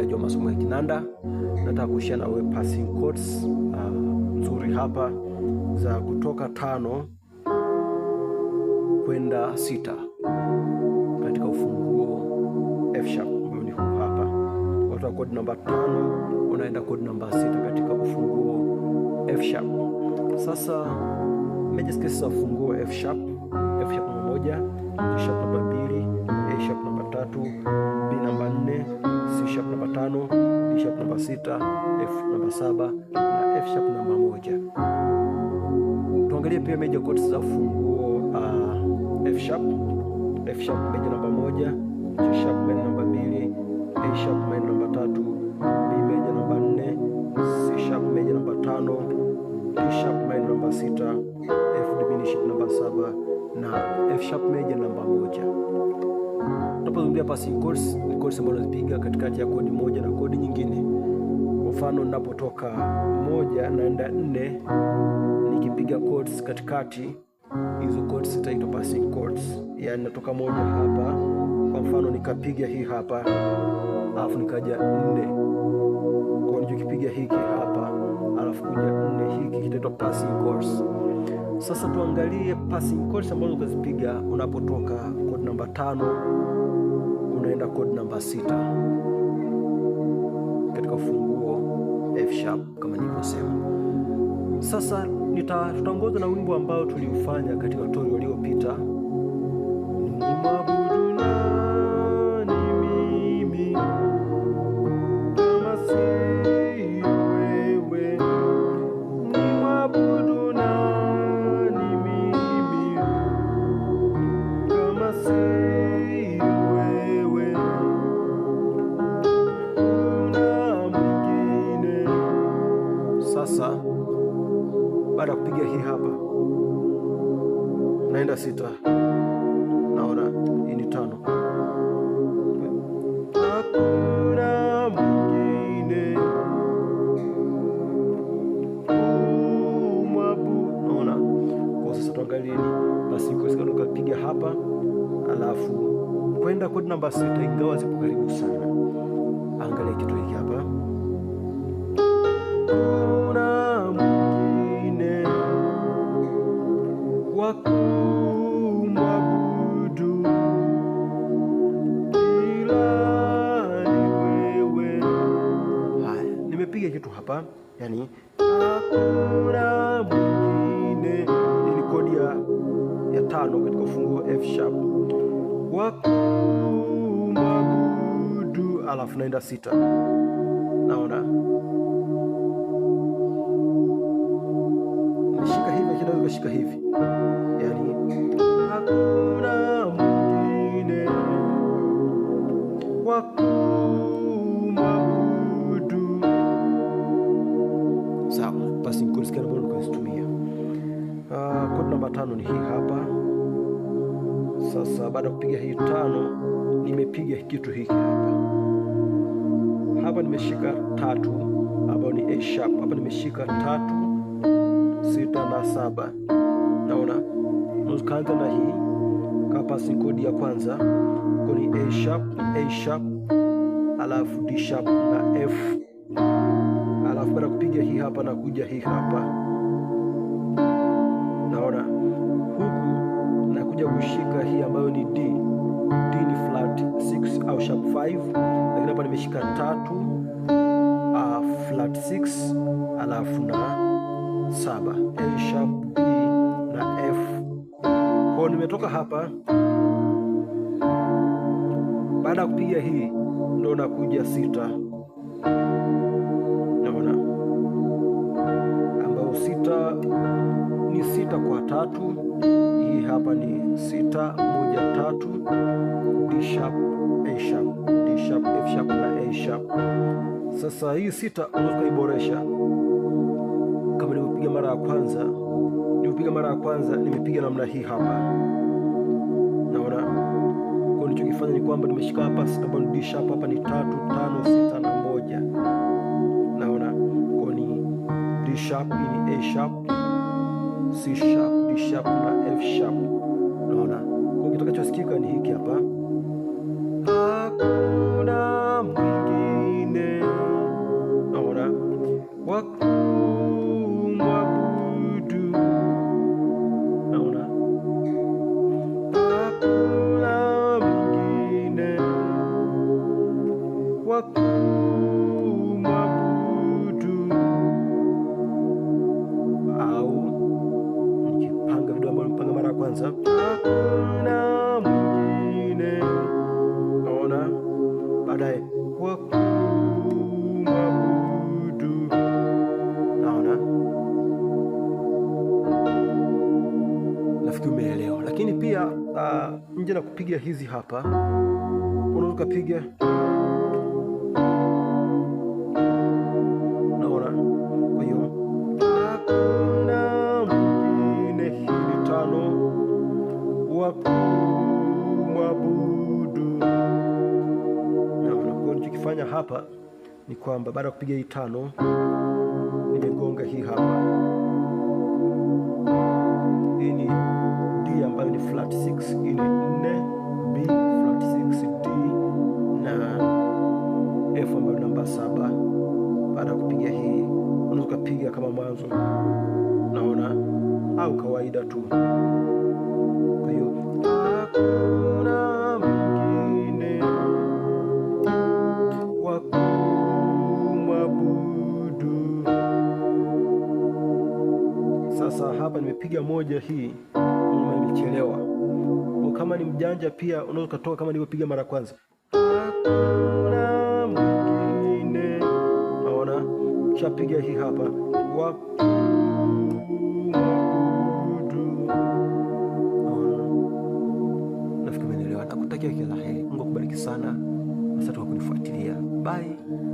ufuatiliaji wa masomo ya kinanda. Nataka kushia na wewe passing chords ah, nzuri uh, hapa za kutoka tano kwenda sita katika ufunguo F sharp ambao ni huu hapa. Kutoka kodi namba tano unaenda kodi namba sita katika ufunguo F sharp. Sasa major scales za ufunguo F sharp, F sharp namba moja, G sharp namba mbili, A sharp namba tatu, B namba nne G sharp namba tano, D sharp namba sita, F namba saba na F sharp namba moja. Tuangalie pia major chords za funguo uh, ah, F sharp, F sharp major namba moja, G sharp major namba mbili, A sharp namba tatu, B major namba nne, C sharp major namba tano, D sharp namba sita, F diminished namba saba na F sharp major namba moja. Unaporudia passing course, ni course ambayo unazipiga katikati ya kodi moja na kodi nyingine. Kwa mfano, ninapotoka moja naenda nne, nikipiga chords katikati, hizo chords zitaitwa passing chords. Yani natoka moja hapa, kwa mfano nikapiga hii hapa, alafu nikaja nne, kwa nikipiga hiki hapa, alafu kuja nne, hiki kitaitwa passing chords. Sasa tuangalie passing chords ambazo utazipiga unapotoka kodi namba tano unaenda kodi namba sita katika ufunguo F sharp kama nilivyosema. Sasa tutaongoza na wimbo ambao tuliufanya katika tutorial iliyopita ni unaenda sita, naona hii ni tano. Naona hapa, alafu kwenda kodi namba sita, ingawa zipo karibu sana. Angalia kitu hiki hapa hapa, yani hakuna mwingine, ni kodi ya, ya tano katika ufunguo F sharp, wakumabudu, alafu naenda sita, naona nishika hivi, kinaweza kushika hivi tano ni hii hapa. Sasa baada ya kupiga hii tano, nimepiga kitu hiki hapa hapa, nimeshika tatu ambayo ni A sharp. Hapa nimeshika tatu sita na saba, naona kaanza na hii kapasi kodi ya kwanza ko ni A sharp, A sharp alafu D sharp na F alafu baada kupiga hii hapa na kuja hii hapa naona huku nakuja kushika hii ambayo ni D. D ni flat 6 au sharp 5, lakini hapa nimeshika tatu, uh, flat 6 alafu na saba, A sharp, B e na F. Kwa nimetoka hapa, baada ya kupiga hii ndo nakuja sita tatu, hii hapa ni sita moja tatu, D sharp, A sharp, D sharp, F sharp na A sharp. Sasa hii sita unaweza kuiboresha kama nilivyopiga mara ya kwanza. Nilivyopiga mara ya kwanza nimepiga namna hii hapa, naona kwa nilichokifanya ni kwamba nimeshika hapa sita ni D sharp hapa ni tatu tano sita na moja, naona kwa ni D sharp, hii ni A sharp C sharp, D sharp na F sharp. Unaona? Kwa kitakachosikika ni hiki hapa. pia uh, ah, nje na kupiga hizi hapa, unaweza ukapiga Nachokifanya hapa ni kwamba baada ya kupiga hii tano nimegonga hii hapa flat 6 ile 4, B flat 6, D na F ambayo namba saba. Baada ya kupiga hii, unaweza ukapiga kama mwanzo, naona au kawaida tu. Kwa hiyo hakuna mwingine wa kumwabudu. Sasa hapa nimepiga moja hii, nimechelewa kama ni mjanja pia unaweza ukatoka kama nilivyopiga mara kwanza. Hakuna mwingine, naona shapiga hii hapa wa nafikiri umeelewa. Nakutakia kila la heri, Mungu akubariki sana. Asante kwa kunifuatilia, bye.